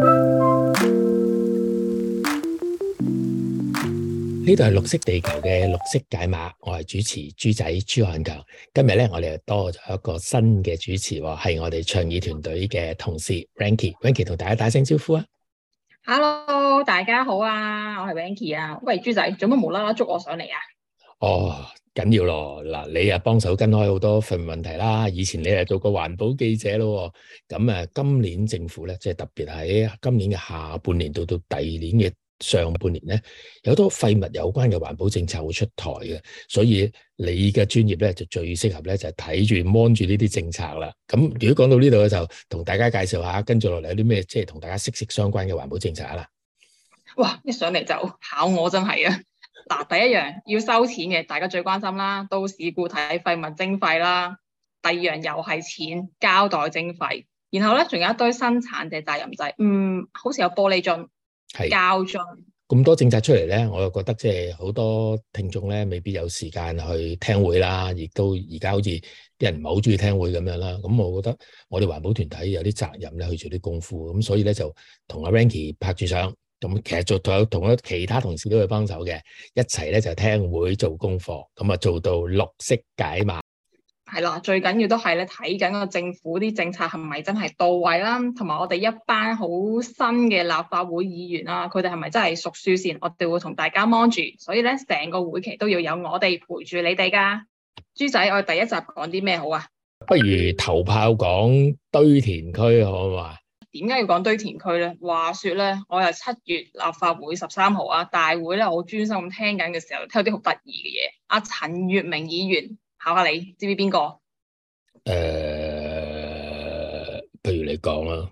呢度係綠惜地球嘅綠色解碼，我係主持豬仔朱漢強。今日咧，我哋又多咗一個新嘅主持，係我哋倡議團隊嘅同事 Rankey。Rankey 同大家打聲招呼啊！Hello，大家好啊，我係 Rankey 啊。喂，豬仔，做乜無啦啦捉我上嚟啊？哦，緊要咯嗱，你啊幫手跟開好多廢物問題啦。以前你係做過環保記者咯，咁啊今年政府咧即係特別喺今年嘅下半年到到第二年嘅上半年咧，有好多廢物有關嘅環保政策會出台嘅，所以你嘅專業咧就最適合咧就係睇住、望住呢啲政策啦。咁如果講到呢度咧，就同大家介紹下跟住落嚟有啲咩，即係同大家息息相關嘅環保政策啦。哇，一上嚟就考我，真係啊！嗱，第一樣要收錢嘅，大家最關心啦，都市固體廢物徵費啦。第二樣又係錢，膠袋徵費，然後咧仲有一堆生產者責任制，嗯，好似有玻璃樽、係膠樽咁多政策出嚟咧，我又覺得即係好多聽眾咧，未必有時間去聽會啦，亦都而家好似啲人唔係好中意聽會咁樣啦。咁我覺得我哋環保團體有啲責任咧，去做啲功夫，咁所以咧就同阿 Ranky 拍住相。咁其實仲有同一其他同事都會幫手嘅，一齊咧就聽會做功課，咁啊做到六色解碼。係啦，最緊要都係咧睇緊個政府啲政策係咪真係到位啦，同埋我哋一班好新嘅立法會議員啊，佢哋係咪真係熟書先？我哋會同大家 m 住，所以咧成個會期都要有我哋陪住你哋噶。豬仔，我哋第一集講啲咩好啊？不如頭炮講堆填區好唔好啊？點解要講堆填區咧？話説咧，我又七月立法會十三號啊，大會咧，我專心咁聽緊嘅時候，聽到啲好得意嘅嘢。阿陳月明議員，考下你知唔知邊個？誒、呃，譬如你講啦。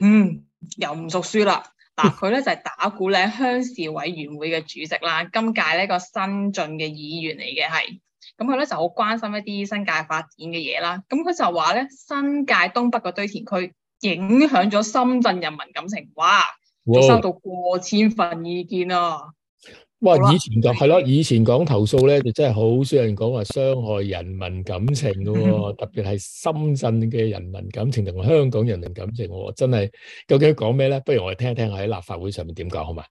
嗯，又唔熟書啦嗱，佢咧 就係打鼓嶺鄉事委員會嘅主席啦，今屆呢一個新晉嘅議員嚟嘅係，咁佢咧就好關心一啲新界發展嘅嘢啦。咁佢就話咧，新界東北個堆填區，影響咗深圳人民感情，哇！收到過千份意見啊！哇！以前就係咯，以前講投訴咧，就真係好少人講話傷害人民感情噶，特別係深圳嘅人民感情同香港人民感情，真係究竟講咩咧？不如我哋聽一聽喺立法會上面點講好嘛？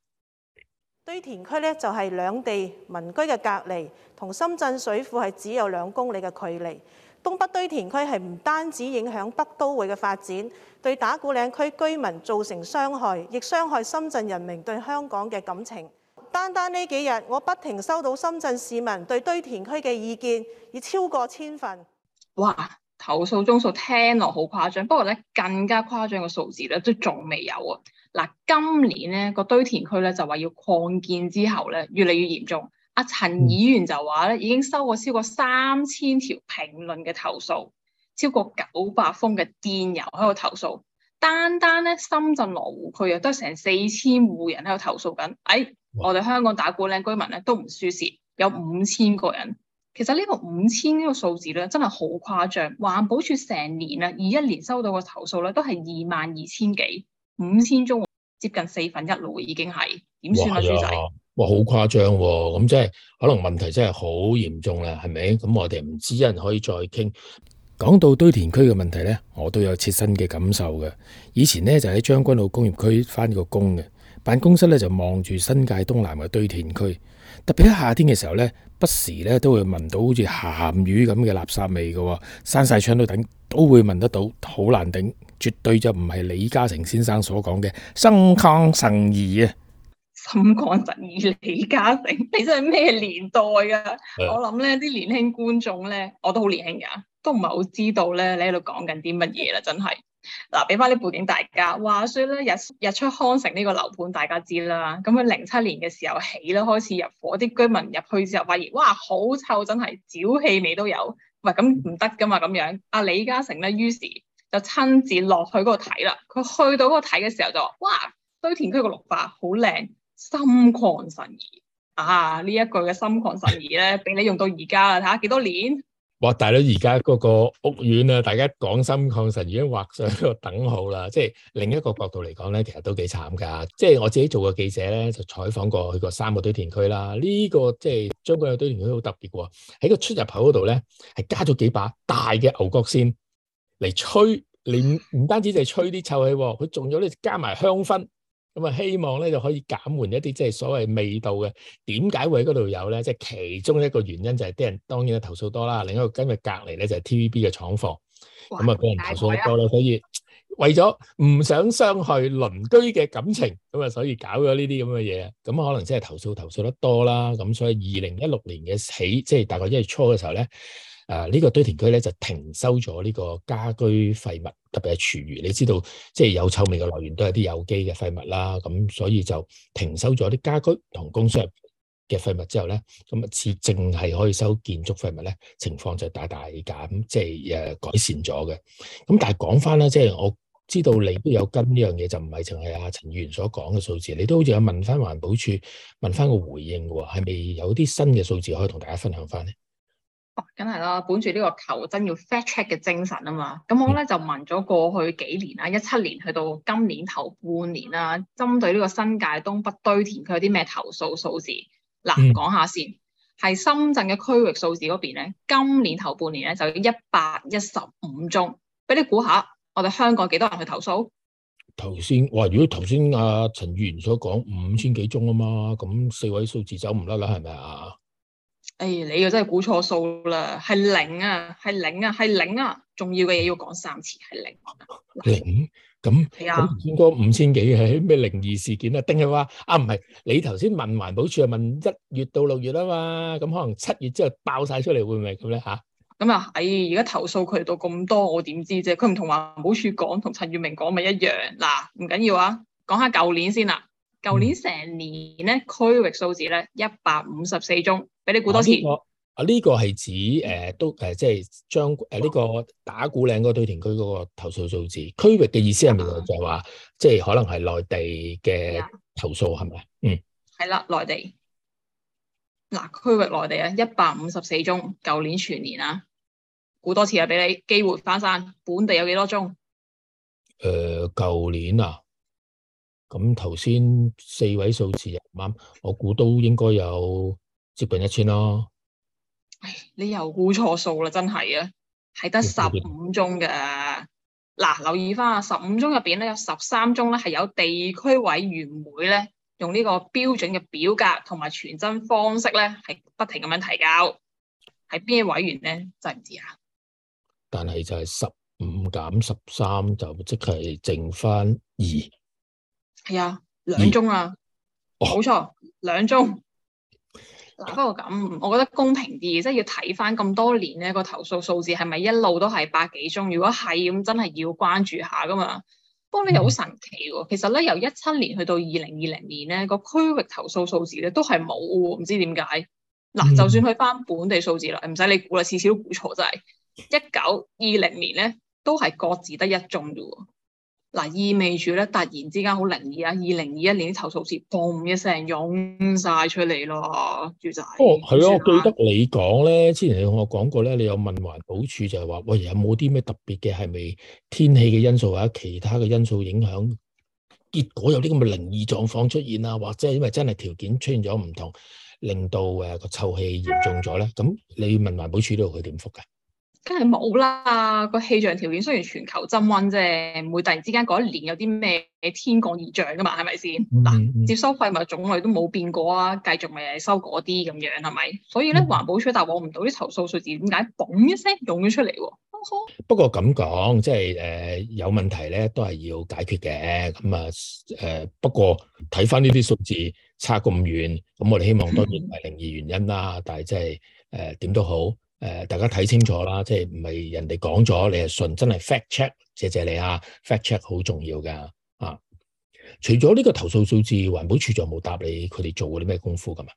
堆填區咧就係兩地民居嘅隔離，同深圳水庫係只有兩公里嘅距離。東北堆填區係唔單止影響北都會嘅發展，對打鼓嶺區居民造成傷害，亦傷害深圳人民對香港嘅感情。單單呢幾日，我不停收到深圳市民對堆填區嘅意見，已超過千份。哇！投訴宗數聽落好誇張，不過咧，更加誇張嘅數字咧都仲未有啊！嗱，今年咧個堆填區咧就話要擴建之後咧，越嚟越嚴重。陳議員就話咧，已經收過超過三千條評論嘅投訴，超過九百封嘅電郵喺度投訴。單單咧，深圳羅湖區啊，都成四千戶人喺度投訴緊。誒、哎，哇我哋香港打鼓嶺居民咧都唔輸蝕，有五千個人。其實呢個五千呢個數字咧，真係好誇張。環保署成年啊，二一年收到嘅投訴咧，都係二萬二千幾，五千宗接近四分一路已經係點算啊，豬仔！哇，好誇張，咁即係可能問題真係好嚴重啦，係咪？咁我哋唔知一人可以再傾。講到堆填區嘅問題呢，我都有切身嘅感受嘅。以前呢，就喺將軍澳工業區翻過工嘅，辦公室呢就望住新界東南嘅堆填區，特別喺夏天嘅時候呢，不時呢都會聞到好似鹹魚咁嘅垃圾味嘅，閂晒窗都頂，都會聞得到，好難頂，絕對就唔係李嘉誠先生所講嘅心曠神怡啊！心肝十二李嘉誠， 你真係咩年代啊？的我諗咧啲年輕觀眾咧，我都好年輕嘅，都唔係好知道咧，你喺度講緊啲乜嘢啦？真係嗱，俾翻啲背景大家。話說咧，日日出康城呢個樓盤大家知啦，咁喺零七年嘅時候起啦，開始入伙，啲居民入去之後發現，哇，好臭，真係沼氣味都有。喂，咁唔得噶嘛咁樣。阿、啊、李嘉誠咧，於是就親自落去嗰度睇啦。佢去到嗰度睇嘅時候就話，哇，堆填區個綠化好靚。心曠神怡啊！呢一句嘅心曠神怡咧，俾你用到而家啦，睇下幾多年。哇！大佬而家嗰個屋苑啊，大家講心曠神怡畫上一個等號啦，即係另一個角度嚟講咧，其實都幾慘噶。即係我自己做過記者咧，就採訪過去個三個堆填區啦。呢、這個即係香港有堆填區好特別嘅喎，喺個出入口嗰度咧，係加咗幾把大嘅牛角扇嚟吹，嚟唔唔單止就係吹啲臭氣，佢仲有咧加埋香薰。咁啊，希望咧就可以減緩一啲即係所謂味道嘅，點解會喺嗰度有咧？即係其中一個原因就係啲人當然嘅投訴多啦，另一個今日隔籬咧就係 TVB 嘅廠房，咁啊俾人投訴得多啦，哇所以為咗唔想傷害鄰居嘅感情，咁啊所以搞咗呢啲咁嘅嘢，咁可能即係投訴投訴得多啦，咁所以二零一六年嘅起，即係大概一月初嘅時候咧。誒呢、啊呢個堆填區咧就停收咗呢個家居廢物，特別係廚餘。你知道，即係有臭味嘅來源都係啲有機嘅廢物啦。咁所以就停收咗啲家居同工商嘅廢物之後咧，咁啊似淨係可以收建築廢物咧，情況就大大減，即係誒改善咗嘅。咁但係講翻咧，即係我知道你都有跟呢樣嘢，就唔係淨係阿陳議員所講嘅數字。你都好似有問翻環保署，問翻個回應喎，係咪有啲新嘅數字可以同大家分享翻咧？梗係啦，本住呢個求真要 fact check 嘅精神啊嘛，咁我咧就問咗過去幾年啦，一七年去到今年頭半年啦，針對呢個新界東北堆填區，佢有啲咩投訴數字？嗱，講下先，係深圳嘅區域數字嗰邊咧，今年頭半年咧就一百一十五宗，俾你估下，我哋香港幾多人去投訴？頭先哇，如果頭先阿陳議員所講五千幾宗啊嘛，咁四位數字走唔甩啦，係咪啊？哎，你又真係估錯數啦，係零啊，係零啊，係零啊！重要嘅嘢要講三次，係零。零，咁，係啊，應該五千幾係咩靈異事件啊？定係話啊？唔係你頭先問環保署啊，問一月到六月啊嘛，咁可能七月之後爆曬出嚟，會唔會咁咧嚇？咁啊唉，而家投訴渠道咁多，我點知啫？佢唔同環保署講，同陳月明講咪一樣嗱？唔緊要啊，講下舊年先啦。舊年成年呢，區域數字呢，一百五十四宗，俾你估多次啊、這個。啊，呢、這個係指誒、呃，都誒、呃，即係將誒呢、呃這個打鼓嶺個堆填區嗰個投訴數字，區域嘅意思係咪就話，啊、即係可能係內地嘅投訴係咪、啊？嗯，係啦，內地嗱，區、啊、域內地啊，一百五十四宗，舊年全年啊，估多次啊，俾你機會翻山本地有幾多宗？誒、呃，舊年啊。咁頭先四位數字又唔啱，我估都應該有接近一千咯。唉，你又估錯數啦，真係啊，係得十五宗嘅。嗱，留意翻啊，十五宗入邊咧，有十三宗咧係有地區委員會咧，用呢個標準嘅表格同埋傳真方式咧，係不停咁樣提交。係邊啲委員咧？真係唔知啊。但係就係十五減十三，13，就即係剩翻二。係啊，兩宗啊，冇錯，兩宗。嗱，不過咁，我覺得公平啲，即係要睇翻咁多年咧，個投訴數字係咪一路都係百幾宗？如果係咁，真係要關注下噶嘛。不過又好神奇喎，其實咧由一七年去到二零二零年咧，個區域投訴數字咧都係冇，唔知點解。嗱、嗯，就算去翻本地數字啦，唔使你估啦，次次都估錯真係。一九二零年咧都係各自得一宗啫喎。嗱，意味住咧，突然之間好靈異啊！二零二一年啲投訴事，嘣一聲湧晒出嚟咯，朱仔。哦，係啊，我記得你講咧，之前你同我講過咧，你有問環保署就係話，喂，有冇啲咩特別嘅係咪天氣嘅因素或者其他嘅因素影響，結果有啲咁嘅靈異狀況出現啊，或者係因為真係條件出現咗唔同，令到誒個臭氣嚴重咗咧？咁你問環保署度佢點復㗎？梗係冇啦，個氣象條件雖然全球增溫啫，唔會突然之間嗰一年有啲咩天降異象噶嘛，係咪先？嗱，嗯嗯啊，接收廢物種類都冇變過啊，繼續咪收嗰啲咁樣，係咪？所以咧，環保署答我唔到啲投訴數字點，呃、解，嘣一聲湧咗出嚟喎。不過咁講，即係誒有問題咧，都係要解決嘅。咁啊誒，不過睇翻呢啲數字差咁遠，咁我哋希望當然唔係靈異原因啦，嗯，但係即係誒點都好。誒，大家睇清楚啦，即係唔係人哋講咗，你係信真係 fact check，謝謝你啊，fact check 好重要噶啊！除咗呢個投訴數字，環保署就冇答你，佢哋做過啲咩功夫噶嘛？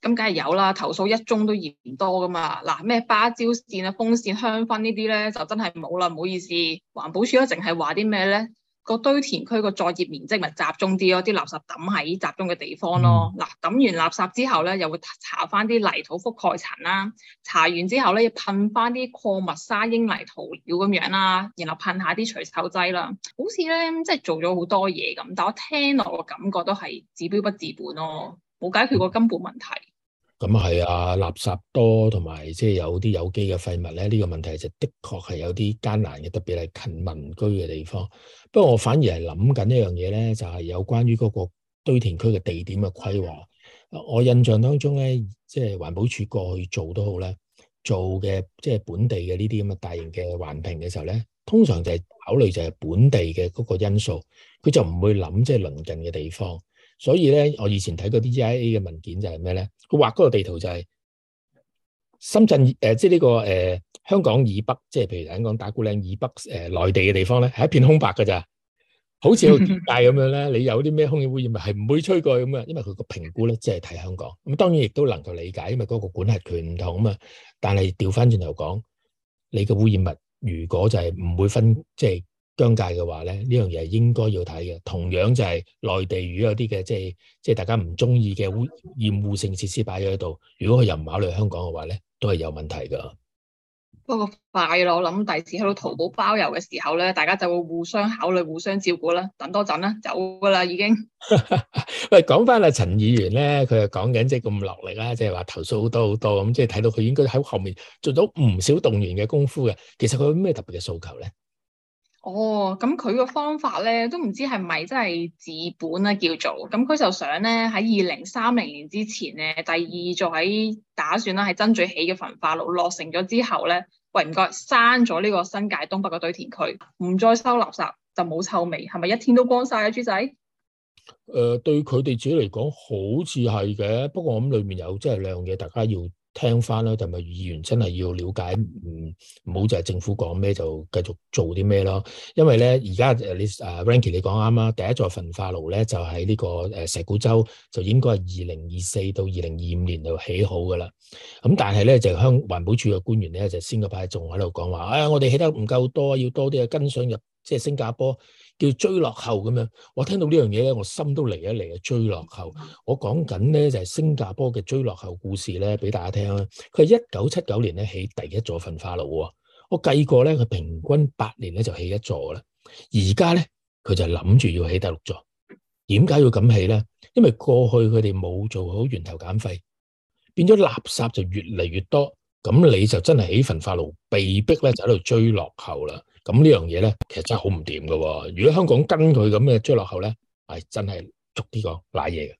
咁梗係有啦，投訴一宗都嫌多噶嘛。嗱，咩芭蕉扇啊、風扇、香薰呢啲咧，就真係冇啦，唔好意思。環保署咧，淨係話啲咩咧？個堆填區個作業面積咪集中啲咯，啲垃圾抌喺集中嘅地方咯。嗱，抌完垃圾完之後咧，又會搽翻啲泥土覆蓋層啦，搽完之後咧，要噴翻啲礦物沙、英泥塗料咁樣啦，然後噴下啲除臭劑啦。好似咧，即係做咗好多嘢咁，但我聽落個感覺都係治標不治本咯，冇解決個根本問題。咁係啊，垃圾多同埋即係有啲有機嘅廢物咧，呢個問題就的確係有啲艱難嘅，特別係近民居嘅地方。不過我反而係諗緊一樣嘢咧，就係有關於嗰個堆填區嘅地點嘅規劃。我印象當中咧，即係環保署過去做都好咧，做嘅即係本地嘅呢啲咁嘅大型嘅環評嘅時候咧，通常就係考慮就係本地嘅嗰個因素，佢就唔會諗即係鄰近嘅地方。所以咧，我以前睇嗰啲 EIA 嘅文件就係咩咧？佢畫嗰個地圖就係深圳誒、呃，即係、這、呢個誒、呃、香港以北，即係譬如頭先講打鼓嶺以北誒、呃、內地嘅地方咧，係一片空白噶咋，好似個界咁樣咧。你有啲咩空氣污染物係唔會吹過去咁啊？因為佢個評估咧，即係睇香港。咁當然亦都能夠理解，因為嗰個管轄權唔同啊嘛。但係調翻轉頭講，你個污染物如果就係唔會分即係。疆界嘅話咧，呢樣嘢係應該要睇嘅。同樣就係內地如果有啲嘅即係即係大家唔中意嘅污厭惡性設施擺咗喺度，如果佢又唔考慮香港嘅話咧，都係有問題噶。不過快咯，我諗第二次喺度淘寶包郵嘅時候咧，大家就會互相考慮、互相照顧啦。等多陣啦，走噶啦，已經。喂， 講翻阿陳議員咧，佢又講緊即係咁落力啦，即係話投訴好多好多咁，即係睇到佢應該喺後面做咗唔少動員嘅功夫嘅。其實佢有咩特別嘅訴求咧？哦，咁佢個方法咧，都唔知係咪真係治本咧、啊、叫做，咁佢就想咧喺二零三零年之前咧，第二座喺打算啦，係爭取起嘅焚化爐落成咗之後咧，喂唔該，刪咗呢個新界東北個堆填區，唔再收垃圾就冇臭味，係咪一天都光晒啊，豬仔？誒、呃，對佢哋自己嚟講好似係嘅，不過我諗裏面有真係兩嘢，大家要。聽翻咯，同埋議員真係要了解，唔唔好就係政府講咩就繼續做啲咩咯。因為咧而家你啊 Ranky 你講啱啦，第一座焚化爐咧就喺、是、呢個誒石鼓洲，就應該係二零二四到二零二五年就起好噶啦。咁但係咧就香港環保署嘅官員咧就先嗰排仲喺度講話，唉、哎、我哋起得唔夠多，要多啲啊跟上入即係、就是、新加坡。叫追落後咁樣，我聽到呢樣嘢咧，我心都離一離啊追落後。我講緊咧就係新加坡嘅追落後故事咧，俾大家聽啦。佢係一九七九年咧起第一座焚化爐喎，我計過咧佢平均八年咧就起一座啦。而家咧佢就諗住要起第六座。點解要咁起咧？因為過去佢哋冇做好源頭減廢，變咗垃圾就越嚟越多，咁你就真係起焚化爐被逼咧就喺度追落後啦。咁呢樣嘢咧，其實真係好唔掂噶。如果香港跟佢咁嘅追落後咧，係真係捉呢個賴嘢嘅。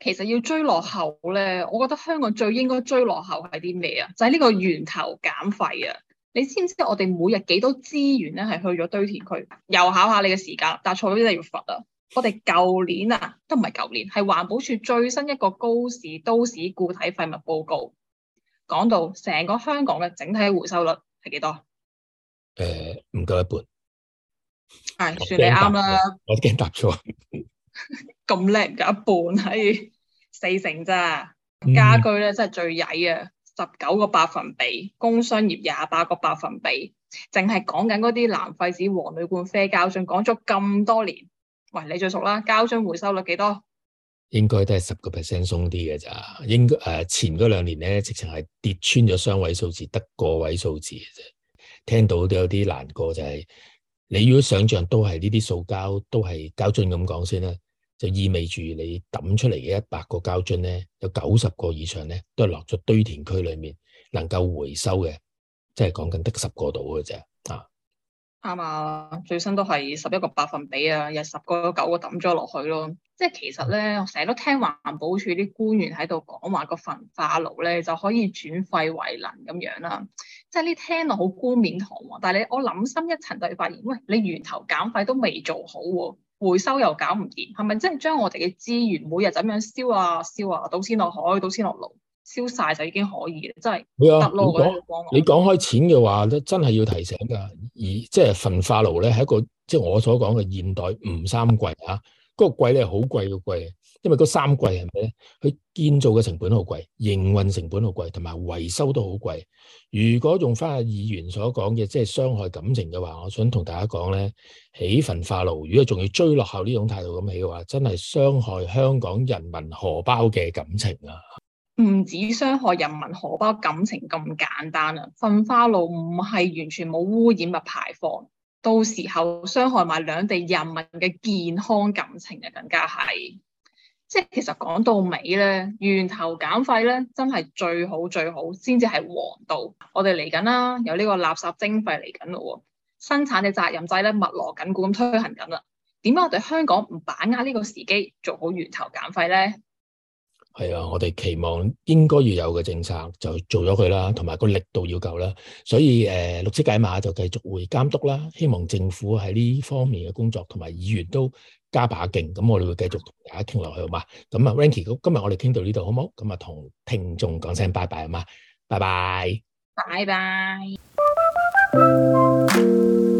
其實要追落後咧，我覺得香港最應該追落後係啲咩啊？就係、是、呢個源頭減廢啊！你知唔知我哋每日幾多資源咧係去咗堆填區？又考下你嘅時間，但係錯咗啲，係要罰啊！我哋舊年啊，都唔係舊年，係環保署最新一個高市都市固體廢物報告，講到成個香港嘅整體回收率係幾多？誒，唔夠、呃、一半，係、哎、 算你啱啦。 我都驚答錯，咁叻嘅一半係、哎、 四成咋？嗯、家居咧真係最曳啊，十九個百分比，工商業廿八個百分比，淨係講緊嗰啲藍廢紙、黃女冠黃鋁罐啡膠樽，講咗咁多年。喂，你最熟啦，膠樽回收率幾多應該？應該都係十個 percent 鬆啲嘅咋？應該誒，前嗰兩年咧，直情係跌穿咗雙位數字，得個位數字嘅啫。聽到都有啲難過，就係、是、你如果想像都係呢啲塑膠都係膠樽咁講先啦，就意味住你抌出嚟嘅一百個膠樽咧，有九十個以上咧都係落咗堆填區裡面，能夠回收嘅，即係講緊得十個度嘅啫啊！啱啊，最新都係十一個百分比啊，有十個九個抌咗落去咯。即係其實咧，我成日都聽環保署啲官員喺度講話個焚化爐咧就可以轉廢為能咁樣啦。即係呢，聽落好冠冕堂皇，但係你我諗深一層就發現，喂，你源頭減廢都未做好喎，回收又搞唔掂，係咪真係將我哋嘅資源每日就咁樣燒啊燒啊，倒先落海，倒先落爐，燒晒就已經可以？真係。係啊。你講你講開錢嘅話咧，真係要提醒㗎，而即係焚化爐咧係一個即係、就是、我所講嘅現代吳三桂嚇、啊。個貴咧，好貴個貴，因為嗰三貴係咪咧？佢建造嘅成本好貴，營運成本好貴，同埋維修都好貴。如果用翻阿議員所講嘅，即係傷害感情嘅話，我想同大家講咧，起焚化爐如果仲要追落後呢種態度咁起嘅話，真係傷害香港人民荷包嘅感情啊！唔止傷害人民荷包感情咁簡單啊！焚化爐唔係完全冇污染物排放。到時候傷害埋兩地人民嘅健康感情啊，更加係即係其實講到尾咧，源頭減廢咧，真係最好最好，先至係王道。我哋嚟緊啦，有呢個垃圾徵費嚟緊咯喎，生產嘅責任制咧，密鑼緊鼓咁推行緊啦。點解我哋香港唔把握呢個時機做好源頭減廢咧？係啊，我哋期望應該要有嘅政策就做咗佢啦，同埋個力度要夠啦。所以誒，綠色解碼就繼續會監督啦。希望政府喺呢方面嘅工作同埋議員都加把勁。咁我哋會繼續同大家傾落去，好嘛？咁啊，Ranky，今日我哋傾到呢度好唔好？咁啊，同聽眾講聲拜拜啊嘛，拜拜，拜拜。Bye bye bye bye